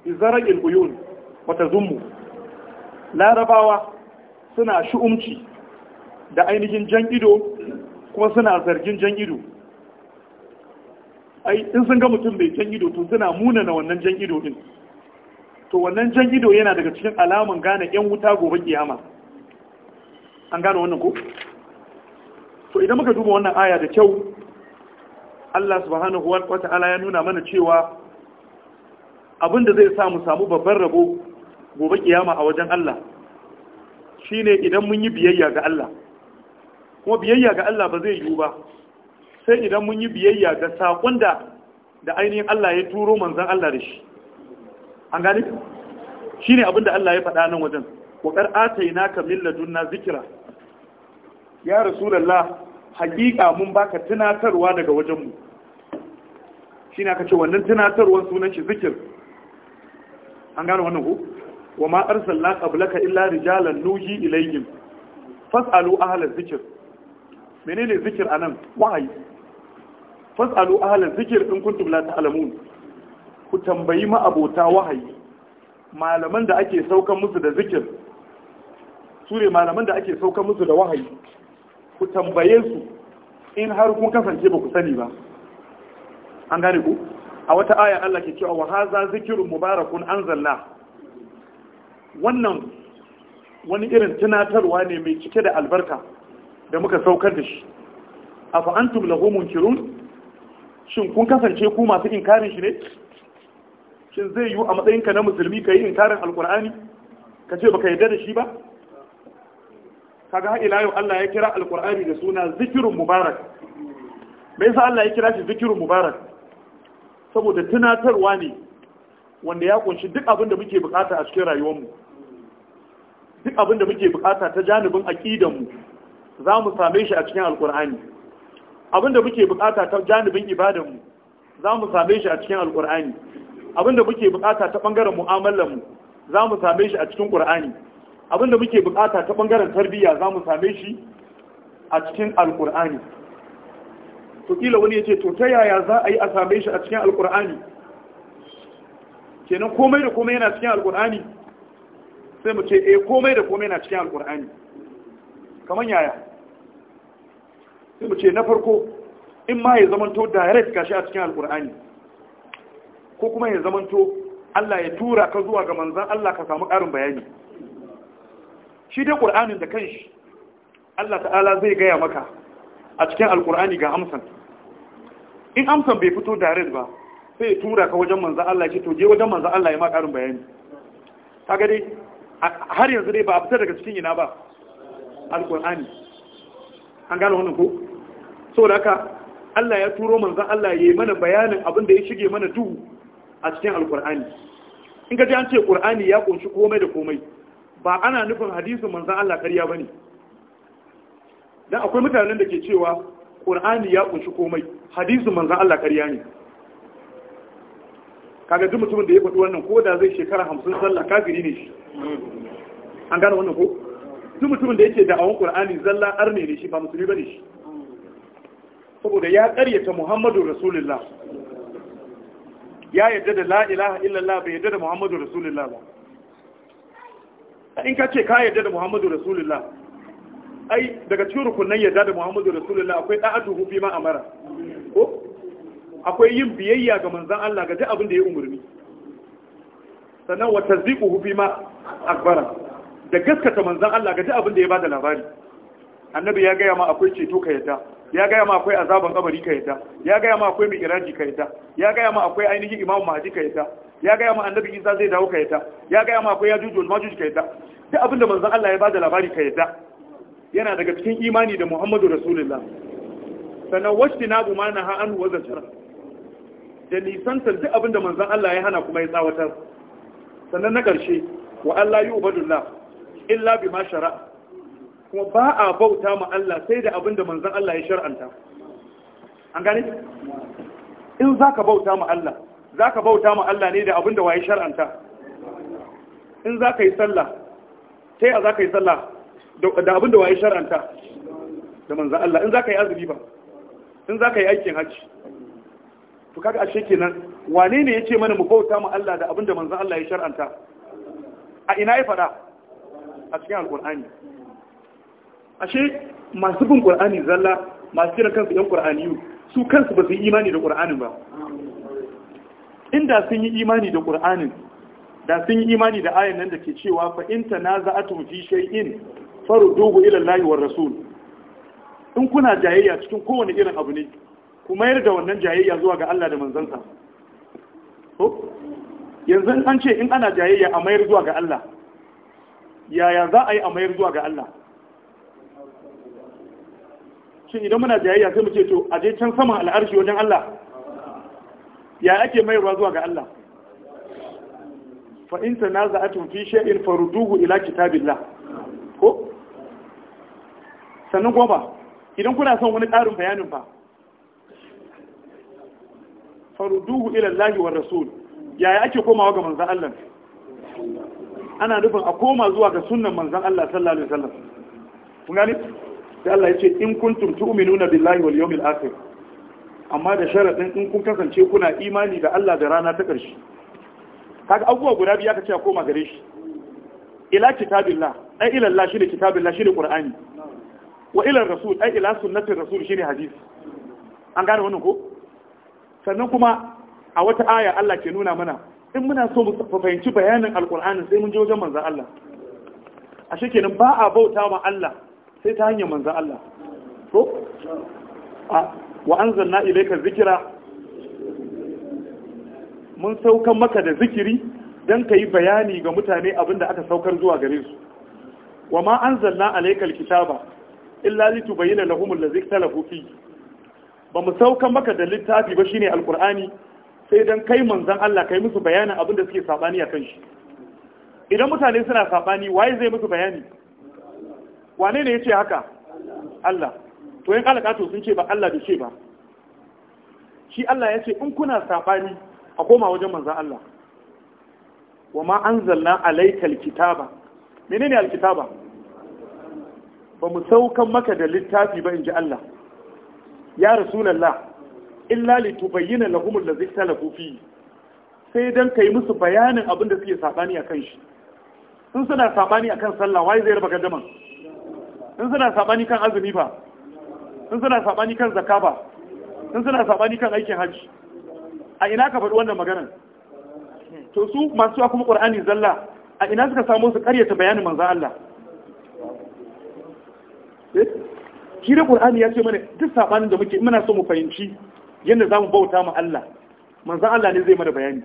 izarar ilbuyun wata zunmu larabawa suna shu'umci da ainihin jan ido kuma suna zargin jan ido ai in sun ga mutum bai jan ido to suna muna na wannan jan ido din to wannan jan ido yana daga cikin alamun gane yan wuta gobe kiyama an gane wannan ko to idan muka duba wannan aya da kyau Allah subhanahu wa ya nuna mana cewa abinda zai samu samu babban rabo gobe kiyama a wajen Allah shine idan mun yi biyayya ga Allah kuma biyayya ga Allah ba zai yiwu ba sai idan mun yi biyayya ga saƙon da da ainihin Allah ya turo manzon Allah da shi an gane shi ne da Allah ya faɗa nan wajen waƙar Ata yi naka min ladunna zikira. ya rasulullah haƙiƙa mun baka tunatarwa daga wajenmu. Shi ne aka ce wannan tunatarwar sunan shi zikir an gane wannan ku wa ma'ar salla ƙablaka illa rijalan nuhi ilayin fas'alu ahla zikr menene zikir a nan wahayi fas'alu ahla zikir in kuntum la ta'alamun ku tambayi ma'abota wahayi malaman da ake saukan musu da zikir su ne malaman da ake saukan musu da wahayi ku tambaye su in har kun kasance ba ku sani ba an gane ku a wata aya Allah ke cewa wa haza zikirun mubarakun anzalna wannan wani irin tunatarwa ne mai cike da albarka da muka saukar da shi afa antum lahu munkirun shin kun kasance ku masu inkarin shi ne shin zai yiwu a matsayinka na musulmi ka yi inkarin alkur'ani ka ce baka yarda da shi ba kaga har ila yau Allah ya kira alkur'ani da suna zikirun mubarak me yasa Allah ya kira shi zikirun mubarak saboda tunatarwa ne wanda ya kunshi duk abin da muke bukata a cikin mu, duk abin da muke bukata ta janibin mu, za mu same shi a cikin alkur'ani abin da muke bukata ta janibin ibadanmu za mu same shi a cikin alkur'ani abinda muke bukata ta bangaren mu'amalar mu za mu same shi a cikin qur'ani abinda muke bukata ta bangaren tarbiyya za mu same shi a cikin al Al-Qur'ani to kila wani yace to ta yaya za a yi a same shi a cikin Al-Kur'ani? Al-Qur'ani kenan komai da komai yana cikin al Al-Qur'ani sai mu ce eh komai da komai yana cikin Al-Kur'ani. Al-Qur'ani kaman yaya sai mu ce na farko in ma ya to direct gashi a cikin al Al-Qur'ani ko kuma ya zamanto Allah ya tura ka zuwa ga manzan Allah ka samu ƙarin bayani shi dai ƙur'anin da kanshi Allah ta'ala zai gaya maka a cikin alƙur'ani ga amsan in amsan bai fito direct ba sai ya tura ka wajen manzan Allah ya ce to je wajen manzan Allah ya ma ƙarin bayani ga dai har yanzu dai ba a fita daga cikin ina ba alƙur'ani an gano wannan ko saboda haka Allah ya turo manzan Allah ya yi mana bayanin abin da ya shige mana duhu a cikin alkur'ani in ka ji an ce ƙur'ani ya ƙunshi komai da komai ba ana nufin hadisun manzan Allah ƙarya ba ne don akwai mutanen da ke cewa ƙur'ani ya ƙunshi komai hadisun manzan Allah ƙarya ne kaga duk mutumin da ya faɗi wannan ko da zai shekara hamsin sallah kafiri ne shi an gane wannan ko duk mutumin da yake da'awun ƙur'ani zalla arne ne shi ba musulmi ba ne shi saboda ya ƙaryata muhammadu rasulullah ya yadda da la ilaha illallah bai yadda da muhammadu rasulullah ba in ka ce ka yadda da muhammadu rasulullah ai daga cikin rukunan yadda da muhammadu rasulullah akwai ɗa’adu hufi ma a mara. ko akwai yin biyayya ga manzan Allah ga abin da ya umarni sannan wa tasdiqu hufi ma akbara da gaskata manzan Allah ga ji abin da ya bada labari annabi ya gaya ma akwai ceto ka yadda ya gaya ma akwai azaban kabari ka yadda ya gaya ma akwai mi'raji ka yadda ya gaya ma akwai ainihin imamu mahdi ka yadda ya gaya ma annabi isa zai dawo ka yadda ya gaya ma akwai yajuj wal majuj ka yadda duk abinda manzon Allah ya bada labari ka yadda yana daga cikin imani da Muhammadu Rasulullah sannan washti na bu mana ha anu wazan shara da nisantar duk abinda manzon Allah ya hana kuma ya tsawatar sannan na ƙarshe wa Allah yi ubadullah illa bi ma shara'a kuma ba a bauta ma Allah sai da abin da manzan Allah ya shar'anta an gane in za ka bauta ma Allah za ka bauta ma Allah ne da abin da waye shar'anta in za ka yi sallah sai a za ka yi sallah da abin da waye shar'anta da manzan Allah in za ka yi azumi ba in za ka yi aikin hajji to kaga ashe kenan wane ne yace mana mu bauta mu Allah da abinda manzan Allah ya shar'anta a ina ya faɗa a cikin Alƙur'ani? ashe masu bin ƙwar'ani zalla masu kiran kansu yan qur'aniyu su kansu ba su yi imani da qur'anin ba inda sun yi imani da ƙur'ani, da sun yi imani da ayan nan da ke cewa na za a fi shaiin faru dogo ilan layuwar rasul in kuna jayayya cikin kowane irin abu ne ku mayar da wannan jayayya zuwa ga Allah da manzansa yanzu an ce in ana jayayya a mayar zuwa ga Allah yaya za a yi a mayar zuwa ga Allah shin idan muna jayayya sai mu ce to a je can saman al'arshi wajen Allah ya ake mayarwa zuwa ga Allah fa in tanaza'atum fi shay'in farduhu ila kitabillah ko sannan goma idan kuna son wani ƙarin bayanin ba farduhu ila Allah wa rasul ya ake komawa ga manzon Allah ana nufin a koma zuwa ga sunnan manzon Allah sallallahu alaihi wasallam kun gani sai Allah ya ce in kuntum tu'minuna billahi wal yawmil akhir amma da sharadin in kun kasance kuna imani da Allah da rana ta ƙarshe kaga abubuwa guda biyu aka ce koma gare shi ila kitabillah ai ila Allah shine kitabillah ne qur'ani wa ila rasul ai ila sunnatir rasul ne hadisi an gane wannan ko sannan kuma a wata aya Allah ke nuna mana in muna so mu fahimci bayanin alqur'ani sai mun je wajen manzon Allah ashe kenan ba a bauta ma Allah sai ta hanyar manzan Allah ko A wa an zanna ilaikar zikira mun saukan maka da zikiri don ka yi bayani ga mutane abinda aka saukar zuwa gare su wa ma an zanna alaikar kitaba, illa litubayyana lahum da zikta lafufi ba mu saukan maka da littafi ba shine alkur'ani sai don kai manzan Allah kai musu bayanin abinda suke sabani akan shi idan mutane suna sabani waye zai musu bayani wane ne ya ce haka Allah to yin sun ce ba Allah da ce ba shi Allah ya ce in kuna saɓani a koma wajen manzan Allah wa ma an zalla alaika alkitaba ne alkitaba ba mu saukan maka da littafi ba in ji Allah ya rasulallah illa li tubayyana lahum allazi ikhtalafu fi sai dan kai musu bayanin abin da suke sabani akan shi sun suna sabani akan sallah wai zai raba gadaman in suna sabani kan azumi ba in suna sabani kan zaka ba in suna sabani kan aikin hajji a ina ka faɗi wannan maganar to su masu kuma ƙwar'ani zalla a ina suka samu su karyata bayanin manzan Allah eh? shi da ƙwar'ani ya ce mana duk sabanin da muke muna so mu fahimci yadda zamu bauta mu Allah manzan Allah ne zai mana bayani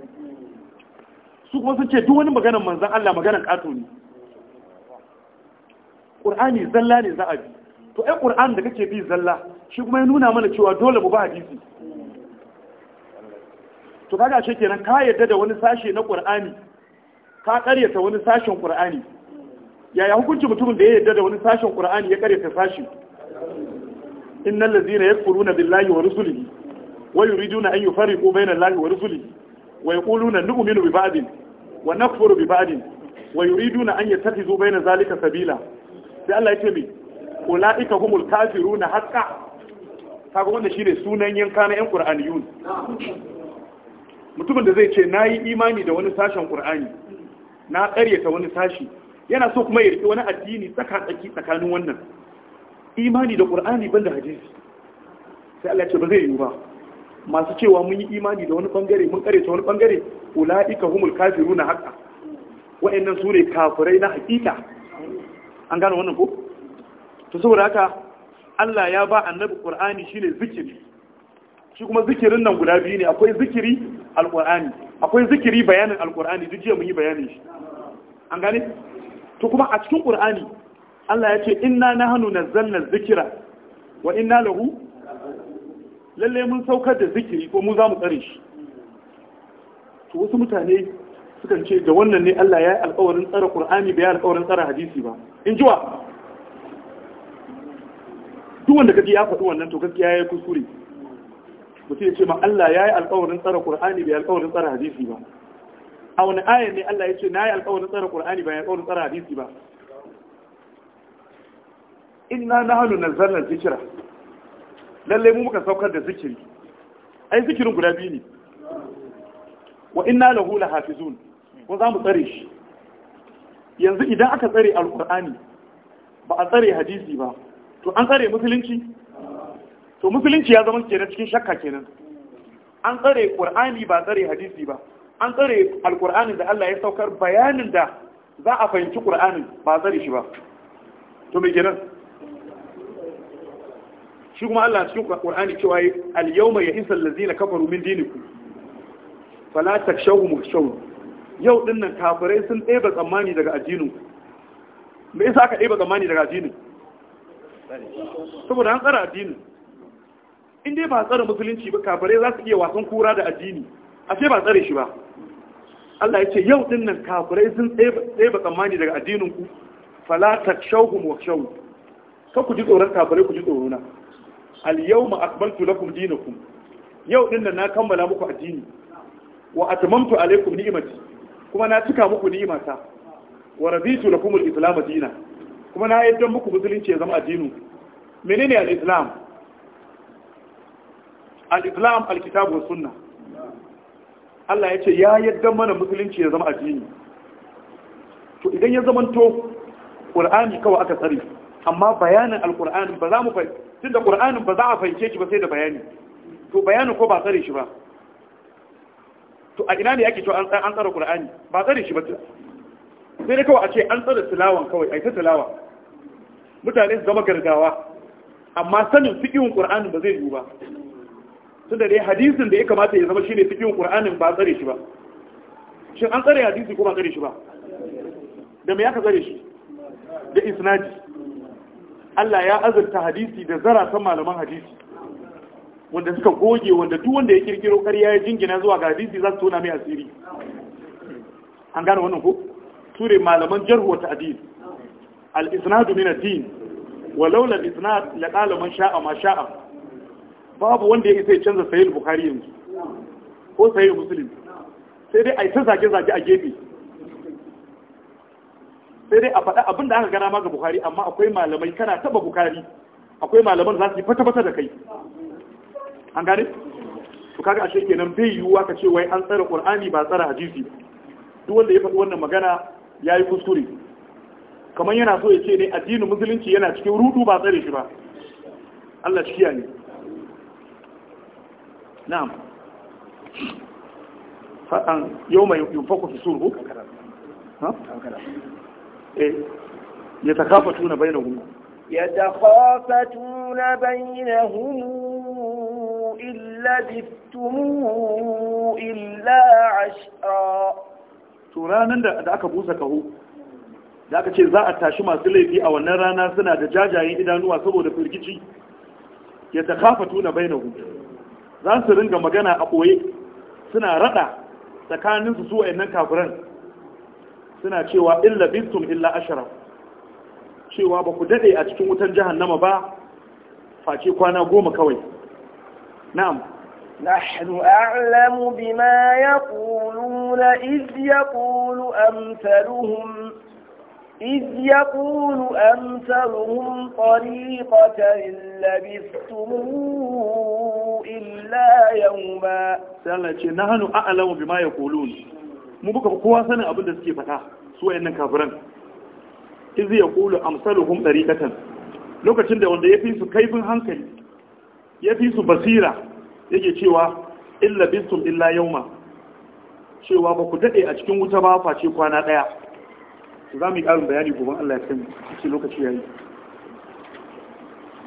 su kuma sun ce duk wani maganar manzan Allah maganar ƙato ne ƙur'ani zalla ne za a bi to ai ƙur'an da kake bi zalla shi kuma ya nuna mana cewa dole mu ba hadisi to kaga ce kenan ka yadda da wani sashe na ƙur'ani ka ƙaryata wani sashen ƙur'ani yaya hukunci mutumin da ya yadda da wani sashen ƙur'ani ya ƙaryata sashi innal ladzina yakfuruna billahi wa rusulihi wa yuriduna an yufariqu baina allahi wa rusulihi wa yaquluna nu'minu bi ba'din wa nakfuru bi ba'din wa yuriduna an yattakhidhu baina zalika sabila sai Allah ya ce mai ula'ika humul kafiru na haƙa kaga wanda shi ne sunan yanka na 'yan ƙur'aniyun mutumin da zai ce na yi imani da wani sashen ƙur'ani na ƙaryata wani sashi yana so kuma yarki wani addini tsaka-tsaki tsakanin wannan imani da ƙur'ani ban da hadisi sai Allah ya ce ba zai yiwu ba masu cewa mun yi imani da wani bangare mun ƙaryata wani bangare ula'ika humul kafiru na haƙa wa'annan su ne kafirai na haƙiƙa an gano wannan ko to saboda haka Allah ya ba annabi Qur'ani shine zikiri shi kuma zikirin nan guda biyu ne akwai zikiri alqur'ani akwai zikiri bayanin alqur'ani duk jiya mun yi bayani. shi an gane to kuma a cikin Qur'ani Allah ya ce inna nahnu nazzalna dhikra wa inna lahu lalle mun saukar da zikiri ko mu za mu tsare shi to wasu mutane sukan ce da wannan ne Allah ya yi alƙawarin tsara Qur'ani bai alƙawarin tsara hadisi ba in jiwa duk wanda kaji ya faɗi wannan to gaskiya ya yi kuskure mutum ya ce ma Allah ya yi alƙawarin tsara Qur'ani bai alƙawarin tsara hadisi ba a wani 'a'yan ne Allah ya ce na yi alƙawarin tsara Qur'ani bai alƙawarin tsara hadisi ba inna nahnu nazzalna dhikra lalle mu muka saukar da zikiri ai zikirin guda biyu ne wa inna lahu lahafizun ko za mu tsare shi yanzu idan aka tsare alkur'ani ba a tsare hadisi ba to an tsare musulunci to musulunci ya zama kenan cikin shakka kenan an tsare qur'ani ba tsare hadisi ba an tsare alkur'ani da Allah ya saukar bayanin da za a fahimci qur'anin ba tsare shi ba to me kenan shi kuma Allah cikin qur'ani cewa al-yawma yahisa allazina kafaru min dinikum fala takshawhum wakhshawni yau din nan kafirai sun ɗeba tsammani daga ajinu me yasa aka ɗeba tsammani daga ajinu saboda an tsara ajinu in dai ba tsara musulunci ba kafirai za su iya wasan kura da addini ashe ba tsare shi ba Allah ya ce yau din nan kafirai sun ɗeba tsammani daga addinin ku fala shauhu wa shauhu ka ku ji tsoron kafirai ku ji tsoro na al yawma akmaltu lakum dinakum yau din nan na kammala muku addini wa atmamtu alaikum ni'mati kuma na cika muku ni'imata wa rabitu lakum al-islam dinan kuma na yaddan muku musulunci ya zama addinu menene al-islam al-islam al-kitab wa sunna Allah ya ce ya yaddan mana musulunci ya zama addini to idan ya zamanto qur'ani kawai aka tsare amma bayanin al-qur'ani ba za mu fahimci tunda qur'anin ba za a fahimce shi ba sai da bayani to bayanin ko ba tsare shi ba to a ina ne yake to an tsara qur'ani ba tsare shi ba sai dai kawai a ce an tsara tilawan kawai ai ta tilawa mutane su zama gargawa amma sanin fiqhin Qur'ani ba zai yi ba tunda dai hadisin da ya kamata ya zama shine fiqhin qur'anin ba tsare shi ba shin an tsare hadisi ko ba tsare shi ba da me aka tsare shi da isnadi Allah ya azurta hadisi da san malaman hadisi wanda suka goge wanda duk wanda ya kirkiro ƙarya ya jingina zuwa ga hadisi za su tona mai asiri an gane wannan ko sure malaman jarhu wa hadisi al isnadu min ad-din wa laula al-isnad la qala man sha'a ma sha'a babu wanda ya isa ya canza sahih bukhari yanzu ko sahih muslim sai dai ai ta zage zage a gefe sai dai a faɗa abinda aka gana ma ga bukhari amma akwai malamai kana taba bukhari akwai malaman za su yi fata fata da kai an gane to kaga a kenan bai yiwuwa ka ce wai an tsara qur'ani ba tsara hadisi duk wanda ya faɗi wannan magana ya yi kuskure kamar yana so ya ce ne addinin musulunci yana cikin rudu ba tsare shi ba Allah shi kiyaye na'am fa'an yawma yunfaku fi surhu ha eh yatakhafatuna bainahum yatakhafatuna hunu. إن لبثتموه إلا عشرا ترانا da aka busa kaho da aka ce za a tashi masu laifi a wannan rana suna da jajayen idanuwa saboda firgici ya ta kafa tuna bai na za su ringa magana a ɓoye suna raɗa tsakaninsu su wa'annan kafiran suna cewa illa bintum illa ashara cewa ba ku daɗe a cikin wutan jahannama ba face kwana goma kawai نعم نحن أعلم بما يقولون إذ يقول أمثلهم إذ يقول أمثلهم طريقة إن لبثتموه إلا يوما سألتي نحن أعلم بما يقولون mu muka fi kowa sanin abin da suke faɗa su wayannan kafiran iz yaqulu amsaluhum dariqatan lokacin da wanda ya fi su kaifin hankali ya fi su basira yake cewa illa bintum illa yauma cewa ba ku daɗe a cikin wuta ba face kwana ɗaya za mu yi ƙarin bayani gobe Allah ya san cikin lokaci yayi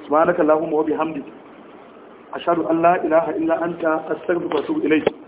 subhanaka allahumma wa bihamdika ashhadu an la ilaha illa anta astaghfiruka wa atubu ilayk